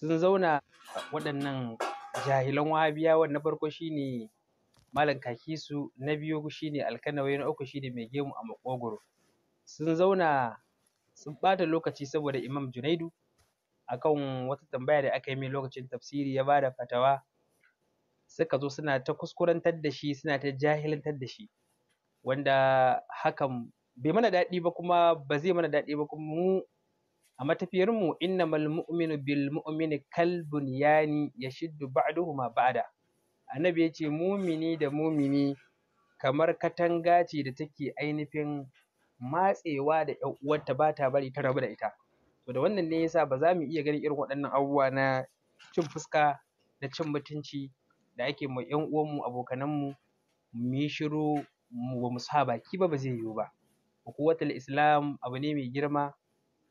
sun zauna waɗannan jahilan wahabiyawa na farko shine malam kakisu na biyu shine alkanawai na uku shine mai gemu a makogoro sun zauna sun ɓata lokaci saboda imam junaidu akan wata tambaya da aka yi mai lokacin tafsiri ya bada fatawa suka zo suna ta kuskurantar da shi suna ta jahilantar da shi wanda hakan bai mana daɗi ba kuma ba zai mana daɗi ba kuma mu a matafiyar mu innamal mu'minu bil mu'mini kal bunyani yashiddu ba'duhuma ba'da annabi yace mumini da mumini kamar katanga ce da take ainihin matsewa da ƴan uwarta ba ta bari ta rabu da ita to da wannan ne yasa ba za mu iya ganin irin waɗannan abubuwa na cin fuska da cin mutunci da ake ma ƴan uwanmu abokananmu mu yi shiru ba mu sa baki ba ba zai yiwu ba ukuwatul islam abu ne mai girma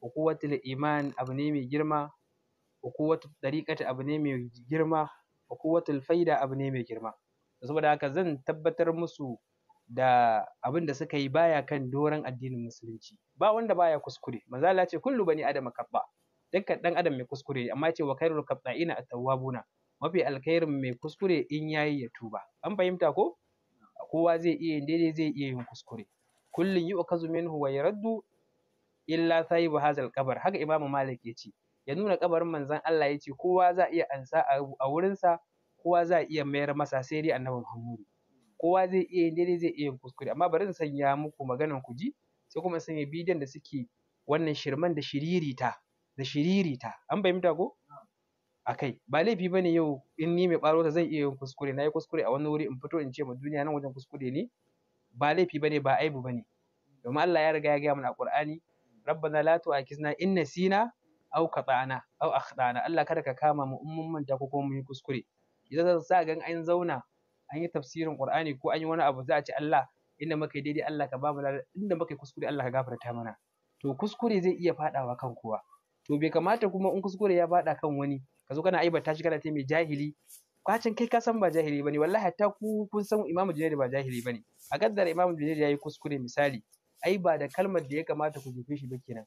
wa iman abu ne mai girma wa quwwatul dariqati abu ne mai girma wa faida abu ne mai girma saboda haka zan tabbatar musu da abin da suka yi baya kan doron addinin musulunci ba wanda baya kuskure manzo Allah ce kullu bani adam kabba dukkan dan adam mai kuskure amma ce wa khairul qatta'ina at-tawwabuna mafi alkhairin mai kuskure in yayi ya tuba an fahimta ko kowa zai iya yin daidai zai iya yin kuskure kullun yu'kazu minhu wa yaraddu illa sahibu hazal kabar haka imamu malik ya ce ya nuna kabarin manzon Allah ya ce kowa za a iya ansa a wurinsa kowa za a iya mayar masa sai dai annabi muhammadu kowa zai iya yin daidai zai iya yin kuskure amma bari in sanya muku maganan ku ji sai kuma sanya bidiyon da suke wannan shirman da shiririta da shiririta an fahimta ko a kai ba laifi bane yau in ni mai barota zan iya yin kuskure na yi kuskure a wani wuri in fito in ce ma duniya nan wajen kuskure ne ba laifi bane ba aibu ba domin Allah ya riga ya gaya mana a Qur'ani rabbana la tu'akizna in nasina aw qata'na aw akhtana Allah kada ka kama mu in manta ko kuma mu yi kuskure idan za ga an zauna an yi tafsirin Qur'ani ko an yi wani abu za a ci Allah inda muka yi daidai Allah ka ba mu inda muka yi kuskure Allah ka gafarta mana to kuskure zai iya faɗawa kan kowa to bai kamata kuma in kuskure ya bada kan wani ka zo kana aibata shi kana ce mai jahili kwacin kai ka san ba jahili bane wallahi hatta ku kun san Imam Junaid ba jahili bane a kaddara Imam Junaid yayi kuskure misali ai ba da kalmar da ya kamata ku jefe shi ba kenan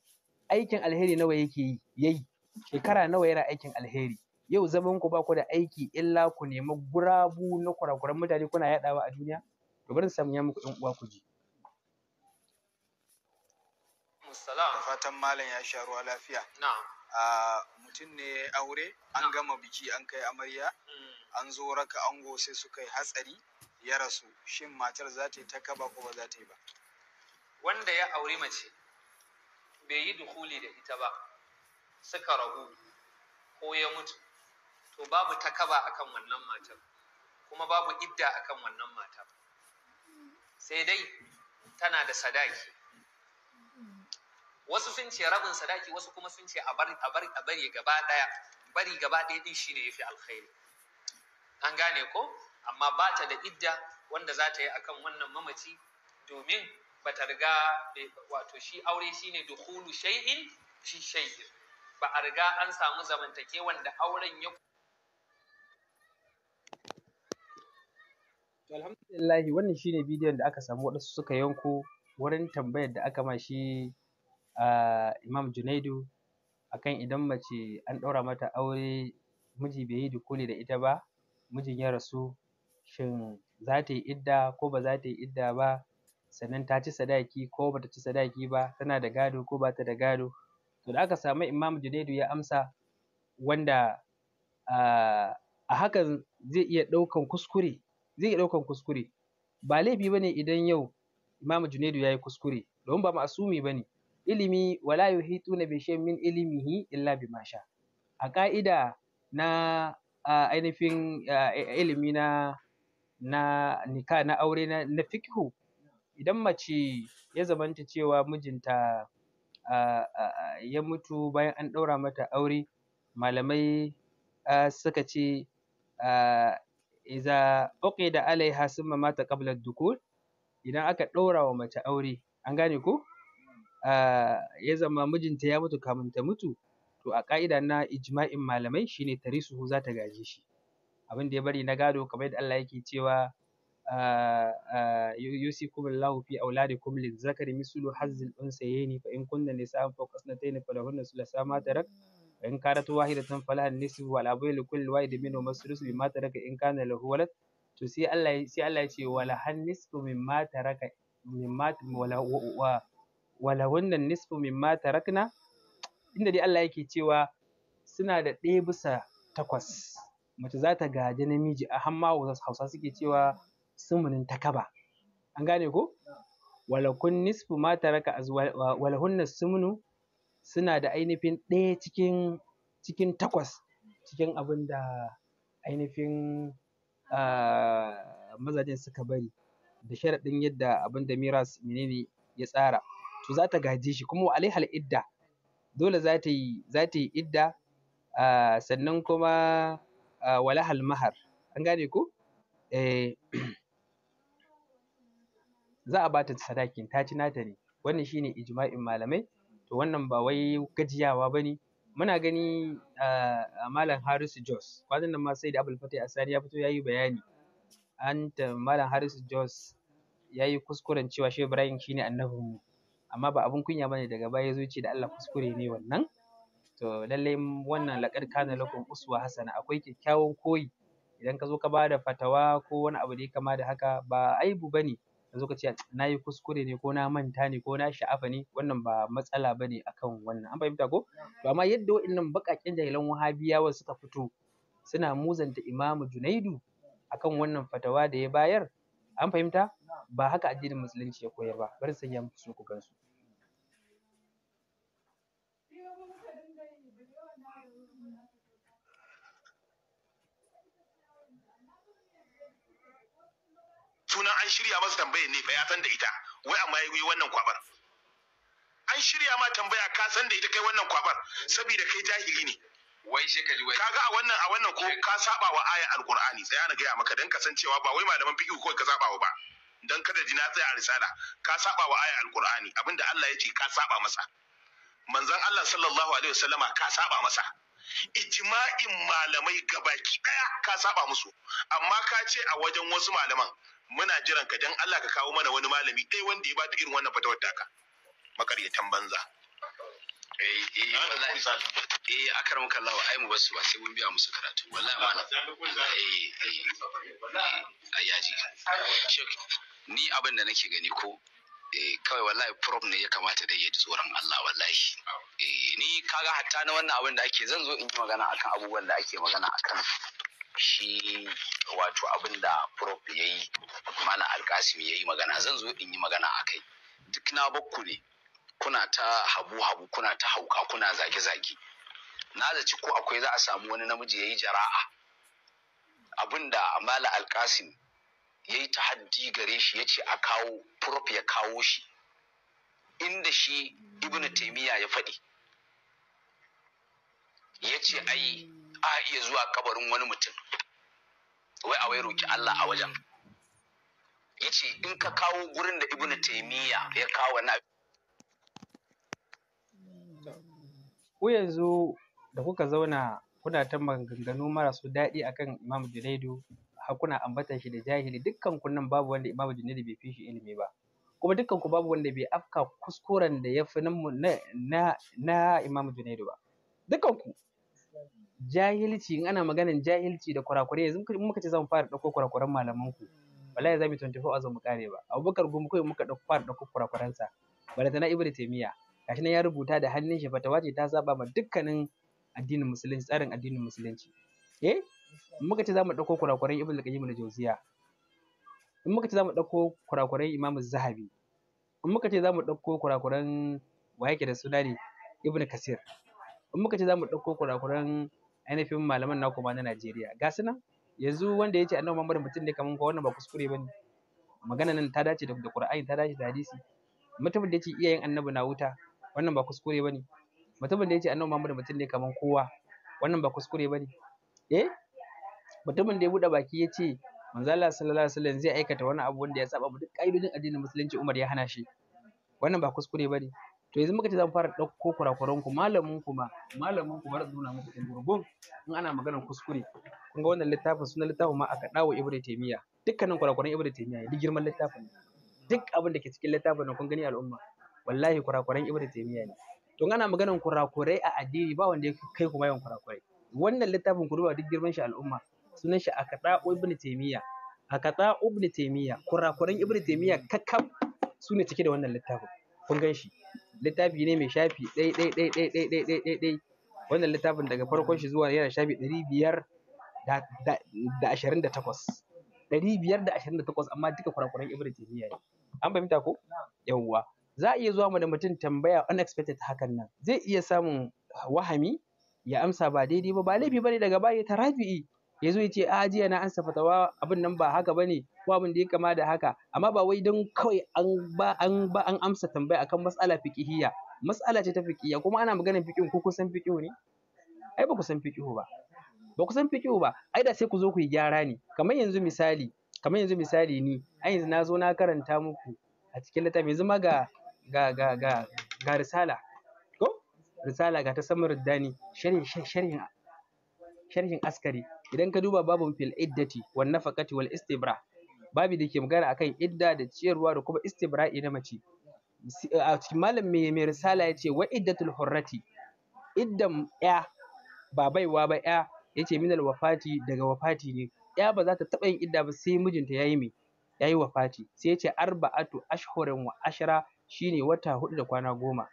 aikin alheri nawa yake yi yayi shekara nawa yana aikin alheri yau zaman ku ba ku da aiki illa ku nemi gurabu na kurakuran mutane kuna yadawa a duniya to bari samu ya muku ɗan uwa ku ji da fatan malam ya sha ruwa lafiya mutum ne aure an gama biki an kai amarya mm. an zo raka ango sai suka yi hatsari ya rasu shin matar za ta yi ta kaba ko ba za ta yi ba wanda ya auri mace bai yi dukuli da ita ba suka rabu ko ya mutu to babu takaba akan wannan matar kuma babu idda akan wannan matar sai dai tana da sadaki wasu sun ce rabin sadaki wasu kuma sun ce a bari gaba ɗaya bari gaba daya din shine yafi alkhairi an gane ko amma ba ta da idda wanda za ta yi akan wannan mamaci domin bata riga wato shi aure shine dukhulu shay'in fi shay'in ba a riga an samu zamantake wanda auren ya alhamdulillah wannan shine bidiyon da aka samu waɗansu suka yanko wurin tambayar da aka ma shi imam junaidu akan idan mace an ɗaura mata aure miji bai yi dukuli da ita ba mijin ya rasu shin za ta yi idda ko ba za ta yi idda ba sannan ta ci sadaki ko bata ci sadaki ba tana da gado ko bata da gado to da aka samu Imam Junaidu ya amsa wanda a hakan zai iya ɗaukan kuskure zai iya ɗaukan kuskure ba laifi bane idan yau Imam Junaidu ya yi kuskure domin ba ma'asumi bane ilimi wala yuhituna bi shay'in min ilmihi illa bima sha a ƙa'ida na ainihin ilimi na na nika na aure na, fikhu idan mace ya zamanta cewa mijinta ya mutu bayan an ɗaura mata aure malamai suka ce iza uqida alaiha summa mata qabla ad-dukhul idan aka ɗaura wa mace aure an gane ko ya zama mijinta ya mutu kamin ta mutu to a ƙa'ida na ijma'in malamai shine tarisuhu za ta gaje shi abin da ya bari na gado kamar yadda Allah yake cewa يوصيكم الله في أولادكم للذكر مثل حظ الأنثيين فإن كن نساء فوق اثنتين فلهن ثلثا ما ترك وإن كانت واحدة فلها النصف والأبوين لكل واحد منهما الثلث مما ترك إن كان له ولد to sai Allah sai Allah ce wala han nisfu mimma taraka mimma wala wannan nisfu mimma tarakna inda dai Allah yake cewa suna da ɗaya bisa takwas mace za ta namiji a hamma hausa suke cewa sumunin takaba an gane ko walakun nisfu ma taraka walahunna sumunu suna da ainihin ɗaya cikin cikin takwas cikin abin da ainihin mazajen suka bari da sharaɗin yadda abin da miras menene ya tsara to za ta gaje shi kuma wa alaihal idda dole za ta yi za ta yi idda sannan kuma walahal mahar an gane ko eh za a bata sadakin ta ci nata ne wannan shine ijma'in malamai to wannan ba wai gajiyawa bane muna gani ah, a malam Harisu Jos kwanan nan ma sai da Abul Fatai Asani ya fito yayi bayani an malam Harisu Jos yayi kuskuren cewa Shehu Ibrahim shine annabin mu amma ba abun kunya bane daga baya zo ce da Allah kuskure ne wannan to lallai wannan laqad kana lakum uswa hasana akwai kyakkyawan koyi idan ka zo ka ba da fatawa ko wani abu da ya kama da haka ba aibu bane yanzu ka ce na yi kuskure ne ko na manta ne ko na sha'afa ne wannan ba matsala ba ne a kan wannan an fahimta ko to amma yadda waɗannan baƙaƙen jahilan wahabiyawa suka fito suna muzanta imamu junaidu kan wannan fatawa da ya bayar an fahimta ba haka addinin musulunci ya koyar ba bari sai ya musu ku gansu sunan an shirya masa tambayar ne fa ya san da ita wai amma ya yi wannan kwabar an shirya ma tambaya ka san da ita kai wannan kwabar saboda kai jahili ne wai sai ka wai kaga a wannan a wannan ko ka saba wa aya alqur'ani tsaya na gaya maka dan kasancewa ba wai malaman fiqh ko ka saba wa ba dan kada jina na tsaya a risala ka saba wa aya alqur'ani abinda Allah ya ka saba masa manzon Allah sallallahu alaihi wasallama ka saba masa ijma'in malamai gabaki daya ka saba musu amma ka ce a wajen wasu malaman muna jiran ka dan Allah ka kawo mana wani malami ɗaya wanda ya ta irin wannan fatawar taka makaryatan banza eh eh wallahi eh akaram kallahu ai mu basu ba sai mun biya musu karatu wallahi malam eh eh, eh ayaji shek ni abin da nake gani ko eh, kawai wallahi prof ne ya kamata da ya tsoron Allah wallahi eh, ni kaga hatta na wannan abin da ake zan zo in yi magana akan abubuwan da ake magana akan shi wato abin da prof ya yi mana alkasim ya yi magana zan zo in yi magana a kai duk na bakku ne kuna ta habu-habu kuna ta hauka kuna zage-zage na zaci ko akwai za a samu wani namiji ya yi jara'a abin da mala alkasim ya yi ta haddi gare shi ya ce a kawo prof ya kawo shi inda shi Ibn taimiyya ya faɗi ya ce ai a iya zuwa kabarin wani mutum wai a wai roki Allah a wajen yace in ka kawo gurin da ibnu taymiya ya kawo na ku yanzu da kuka zauna kuna ta maganganu marasu daɗi akan Imam Junaidu har kuna ambata shi da jahili dukkan ku nan babu wanda Imam Junaidu bai fi shi ilimi ba kuma dukkan ku babu wanda bai afka kuskuren da ya fi na na Imam Junaidu ba dukkan ku jahilci in ana maganan jahilci da kurakurai yanzu in muka ce zamu fara dauko kurakuran malaman ku wallahi zamu 24 hours mu kare ba abubakar gumi kawai muka dauko fara dauko kurakuran sa balantana ibnu taymiya gashi nan ya rubuta da hannun shi fatawa ce ta saba ma dukkanin addinin musulunci tsarin addinin musulunci eh muka ce zamu dauko kurakuran ibnu qayyim al-jawziya in muka ce zamu dauko kurakuran imamu zahabi in muka ce zamu dauko kurakuran wa yake da suna ne ibnu kasir in muka ce zamu dauko kurakuran ainihin malaman na kuma na Najeriya ga su nan yanzu wanda ya ce annabi Muhammad mutum ne kaman ko wannan ba kuskure bane magana nan ta dace da Qur'ani ta dace da hadisi mutumin da ya ce iyayen annabi na wuta wannan ba kuskure bane mutumin da ya ce annabi Muhammad mutum ne kaman kowa wannan ba kuskure bane eh mutumin da ya buɗe baki ya ce manzo Allah sallallahu alaihi wasallam zai aikata wani abu wanda ya saba duk ƙa'idodin addinin musulunci Umar ya hana shi wannan ba kuskure bane to yanzu muka ce za mu fara ɗauko kurakuran ku malamin ku ma malamin ku bar nuna muku in gurgun in ana maganar kuskure kun ga wannan littafin sunan littafin ma aka dawo ibnu taymiya dukkanin kurakuran ibnu taymiya duk girman littafin duk abin da ke cikin littafin nan kun gani al'umma wallahi kurakuran ibnu taymiya ne to ana maganar kurakurai a addini ba wanda ya kai kuma yawan kurakurai wannan littafin ku duba duk girman shi al'umma sunan shi aka dawo ibnu taymiya aka dawo ibnu taymiya kurakuran ibnu taymiya kakkab su ne cike da wannan littafin kun gan shi littafi ne mai shafi ɗai ɗai ɗai ɗai ɗai ɗai ɗai ɗai ɗai wannan littafin daga farkon shi zuwa yana shafi ɗari biyar da ashirin da takwas ɗari biyar da ashirin da takwas amma duka kurakuran ibn taymiya ne an fahimta ko yawwa za a iya zuwa da mutum tambaya unexpected hakan nan zai iya samun wahami ya amsa ba daidai ba ba laifi bane daga baya ta rabi'i ya zo ya ce a jiya na ansa fatawa abin nan ba haka bane ko abin da ya kama da haka amma ba wai don kawai an ba an ba an amsa tambaya akan mas'ala fiqhiyya mas'ala ce ta fiqhiyya kuma ana maganar fiqhin ko kusan fiqhu ne ai ba ku san fiqhu ba ba ku san fiqhu ba ai da sai ku zo ku yi gyara ne kamar yanzu misali kamar yanzu misali ni ai yanzu na zo na karanta muku a cikin littafi yanzu ma ga ga ga ga ga risala ko risala ga ta samar dani sharhin sharhin sharhin askari idan ka duba babun fil iddati wan nafaqati wal istibra Babu da ke magana akan idda da ciyarwa da kuma istibra'i na mace a cikin malam mai mai risala yace ce wa iddatul hurrati iddan ya ba baiwa ba ya yace minal wafati daga wafati ne ya ba za ta taɓa yin idda ba sai mijinta yayi mai yayi wafati sai yace arba'atu ashhurin wa ashara shine wata hudu da kwana goma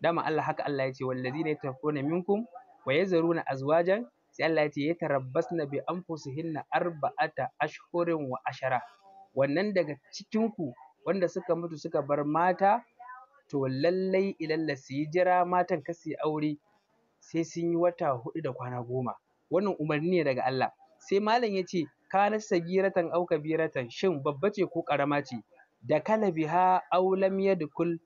dama Allah haka Allah yace wallazina yatafuna minkum wa yazaruna azwajan sai Allah ya ce na bi anfusihinna arba'ata ashhurin wa ashara wannan daga cikin ku wanda suka mutu suka bar mata to lallai ilalla su yi jira matan ka su yi aure sai sun yi wata hudu da kwana goma wannan umarni ne daga Allah sai malam ya ce kanat sagiratan au kabiratan shin babba ce ko karama ce da kala biha aw lam yadkul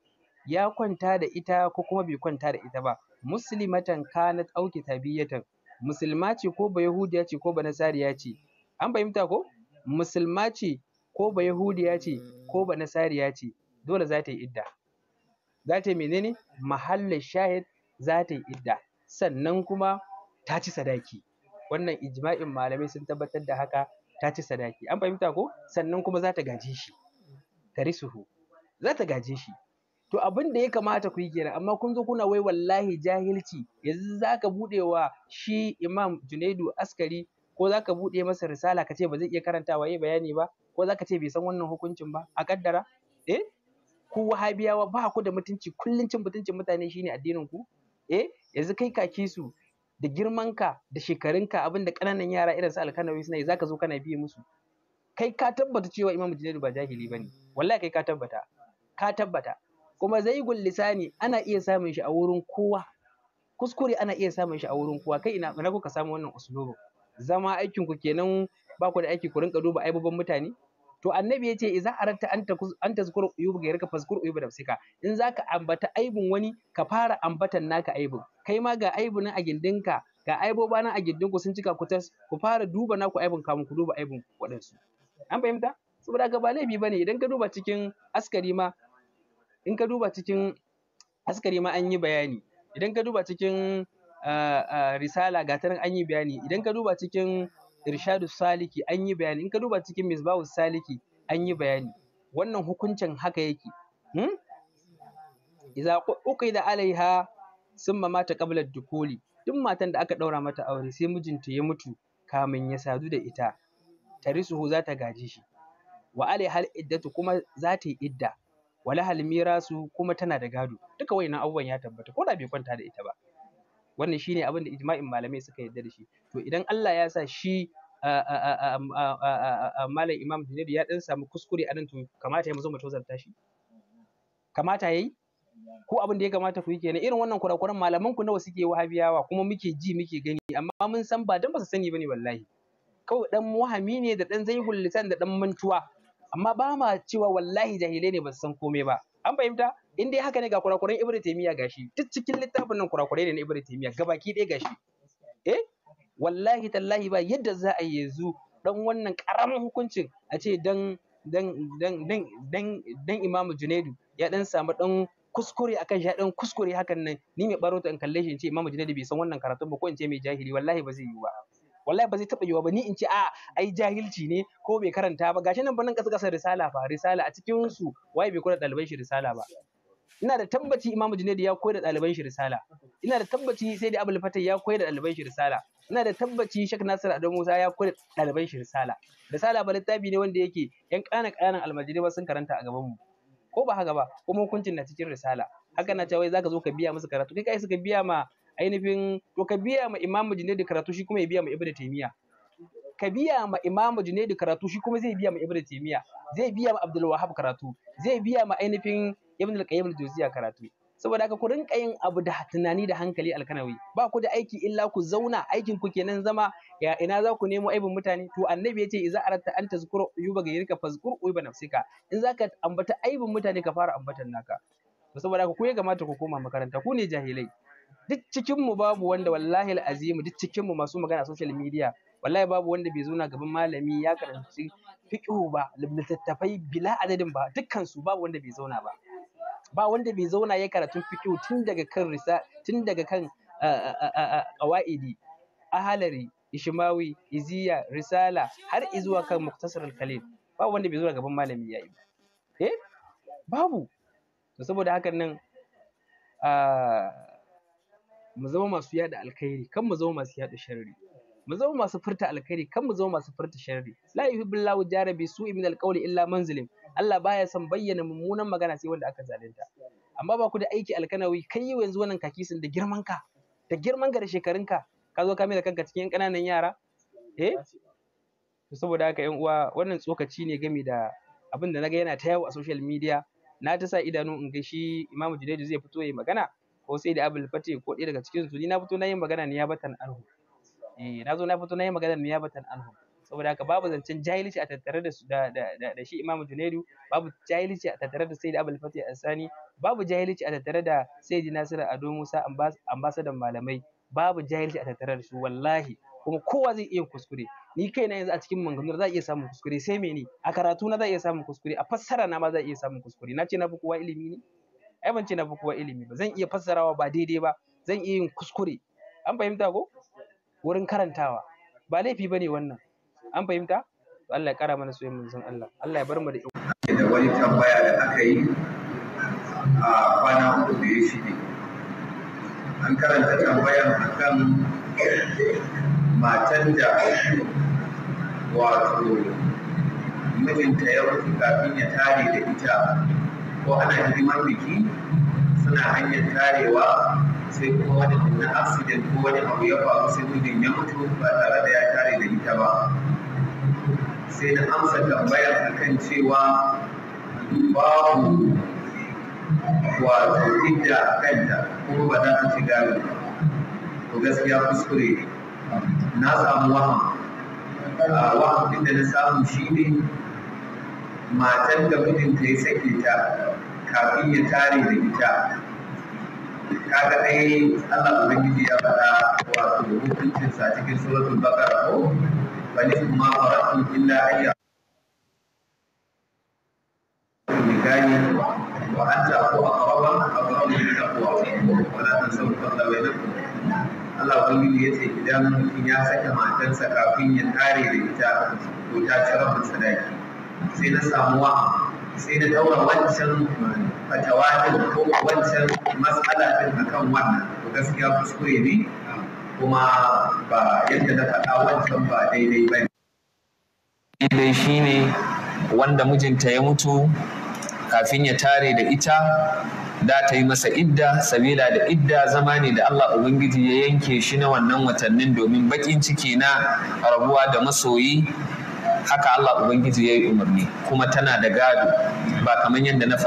ya kwanta da ita ko kuma bai kwanta da ita ba muslimatan kanat au kitabiyatan musulma ce ko ba yahudiya ce ko ba nasariya ce an fahimta ko musulma ce ko ba yahudiya ce ko ba nasariya ce dole za ta yi idda za ta yi menene mahalla shahid za ta yi idda sannan kuma ta ci sadaki wannan ijma'in malamai sun tabbatar da haka ta ci sadaki an fahimta ko sannan kuma za ta gaje shi tarisuhu za ta gaje shi to abin da ya kamata ku yi kenan amma kun zo kuna wai wallahi jahilci yanzu zaka buɗe wa shi imam junaidu askari ko zaka buɗe masa risala ka ce ba zai iya karantawa yayi bayani ba ko zaka ce bai san wannan hukuncin ba a kaddara eh ku wahabiyawa ba ku da mutunci kullun cin mutuncin mutane shine addinin ku eh yanzu kai kaki su da girmanka da shekarunka abin da ƙananan yara irin su alkanawi suna yi zaka zo kana biye musu kai ka tabbata cewa imam junaidu ba jahili bane wallahi kai ka tabbata ka tabbata kuma zaigul lisani ana iya samun shi a wurin kowa kuskure ana iya samun shi a wurin kowa kai ina ina kuka samu wannan uslubin zama aikin ku kenan ba ku da aiki ku rinka duba aibubban mutane to annabi yace idza aratta anta an tazkuru uyub ga yarka fazkur uyub nafsika in zaka ambata aibun wani ka fara ambatan naka aibun kai ma ga aibun a gindinka ga aiboba nan a gindinku sun cika ku tas ku fara duba naku aibun kamun ku duba aibun wadansu an fahimta saboda haka ba laifi bane idan ka duba cikin askari ma in ka duba cikin askari ma an yi bayani idan ka duba cikin ah, ah, risala ga nan an yi bayani idan ka duba cikin irshadu saliki an yi bayani in ka duba cikin misbahu saliki an yi bayani wannan hukuncin haka yake hmm? da uqida alaiha summa mata qabla dukuli duk matan da aka daura mata aure sai mijinta ya mutu kamin ya sadu da ita tarisuhu za ta gaji shi wa alaiha iddatu kuma za ta yi idda wala hal mirasu kuma tana da gado duka wayannan abubuwan ya tabbata ko da bai kwanta da ita ba wannan shine abin da ijma'in malamai suka yarda da shi to idan Allah ya sa shi malam imam junaidu ya dan samu kuskure a nan to kamata ya zo mu tozarta shi kamata yayi ko abin da ya kamata ku yi kenan irin wannan kurakuran malaman ku nawa suke wahabiyawa kuma muke ji muke gani amma mun san ba dan ba su sani bane wallahi kawai dan wahami ne da dan zaihul lisan da dan mantuwa amma ba ma cewa wallahi jahilai ne ba su san komai ba an fahimta in dai haka ne ga kurakuran ibn taymiya gashi duk cikin littafin nan kurakurai ne na ibn taymiya gabaki ɗaya gashi eh wallahi tallahi ba yadda za a yanzu dan wannan karamin hukuncin a ce dan dan dan dan dan dan imamu junaidu ya dan samu dan kuskure akan shi dan kuskure hakan nan ni mai barota in kalle shi in ce imamu junaidu bai san wannan karatun ba ko in ce mai jahili wallahi ba zai yi ba wallahi ba zai taɓa yiwa ba ni in ce a ai jahilci ne ko bai karanta ba gashi nan ba kasa kasa risala fa risala a cikin su waye bai koyar da ɗaliban shi risala ba ina da tabbaci imamu junaidu ya koyar da ɗaliban shi risala ina da tabbaci sai da abul fatah ya koyar da ɗaliban shi risala ina da tabbaci shek nasir adamu musa ya koyar da ɗaliban shi risala risala ba littafi ne wanda yake yan ƙana ƙananan almajirai ba sun karanta a gaban mu ko ba haka ba kuma hukuncin na cikin risala haka na cewa zaka zo ka biya musu karatu kai kai suka biya ma ainihin to ka biya ma imamu junaidu karatu shi kuma ya biya ma ibnu taymiya ka biya ma imamu junaidu karatu shi kuma zai biya ma ibnu taymiya zai biya ma abdul wahab karatu zai biya ma ainihin ibnu al-qayyim al-jawziya karatu saboda haka ku rinka yin abu da tunani da hankali alkanawi ba ku da aiki illa ku zauna aikin ku kenan zama ya ina za ku nemo aibin mutane to annabi yace idza aratta an tazkura yuba ga yirka fazkur uyuba nafsika in zaka ambata aibin mutane ka fara ambatan naka saboda haka ku ya gamata ku koma makaranta ku ne jahilai duk cikin mu babu wanda wallahi al'azim duk cikin mu masu magana social media wallahi babu wanda bai zauna gaban malami ya karanci fiqhu ba littattafai bila adadin ba dukkan su babu wanda bai zauna ba ba wanda bai zauna ya karatu fiqhu tun daga kan risa tun daga kan qawaidi ahalari ishmawi iziya risala har izuwa kan muktasar al-khalil ba wanda bai zauna gaban malami yayi ba eh babu saboda hakan nan mu zama masu yada alkhairi kan mu zama masu yada sharri mu zama masu furta alkhairi kan mu zama masu furta sharri la yuhibbullahu jarabi su'i min alqawli illa man zulim Allah baya son bayyana mummunan magana sai wanda aka zalunta amma ba ku da aiki alkanawi kai yi yanzu wannan sun da girman ka da girman ka da shekarun ka ka zo ka mai da kanka cikin ƙananan yara eh saboda haka yan uwa wannan tsokaci ne game da abin da naga yana ta yawo a social media na ta sa idanu in ga shi Imam Junaidu zai fito yayi magana ko sai da abul fatih ko ɗaya daga cikin su ni na fito na yin magana ni ya batan anhu eh na zo na fito na yi magana ni ya batan anhu saboda haka babu zancen jahilci a tattare da da da shi imamu junaidu babu jahilci a tattare da sayyid abul fatih asani babu jahilci a tattare da sayyid nasiru ado musa ambasadan malamai babu jahilci a tattare da su wallahi kuma kowa zai iya kuskure ni kai na yanzu a cikin manganar za a iya samun kuskure sai me ni a karatu na za a iya samun kuskure a fassara na ma za a iya samun kuskure na ce na fi kowa ilimi ne ai ban ce na fi kowa ilimi ba zan iya fassarawa ba daidai ba zan iya yin kuskure an fahimta ko wurin karantawa ba laifi bane wannan an fahimta Allah ya kara mana soyayya san Allah Allah ya bar mu da da wani tambaya da aka yi a bana uku da ya shige an karanta tambayan akan matan da wato mijinta ya rufe kafin ya tare da ita ko ana hidimar biki suna hanyar tarewa sai kuma wani na accident ko wani abu ya faru sai mijin ya mutu ba tare da ya tare da ita ba sai na amsa tambayar kan cewa babu wato idda a kanta kuma ba za ta ci gado to gaskiya kuskure na samu waham waham inda da na samu shi ne matan da mijinta ya sake ta kafin ya tare da ita kaga dai Allah ubangiji ya faɗa wato hukuncin sa cikin suratul baqara ko bani kuma faratu illa ayya nikahi wa anta aqraba aqraba min taqwa wa la tansaw fadla bainakum Allah ubangiji idan mutum ya saka matarsa kafin ya tare da ita ko ta ci rabin sadaki sai na samu wa'a sai na daura wancan fatawa ko wancan matsala din akan wannan to gaskiya kuskure ne kuma ba yadda na faɗa wancan ba daidai ba shi ne wanda mijinta ya mutu kafin ya tare da ita da ta yi masa idda sabila da idda zama ne da Allah Ubangiji ya yanke shi na wannan watannin domin baƙin ciki na rabuwa da masoyi haka Allah ubangiji ya yi umarni kuma tana da gado ba kamar yadda na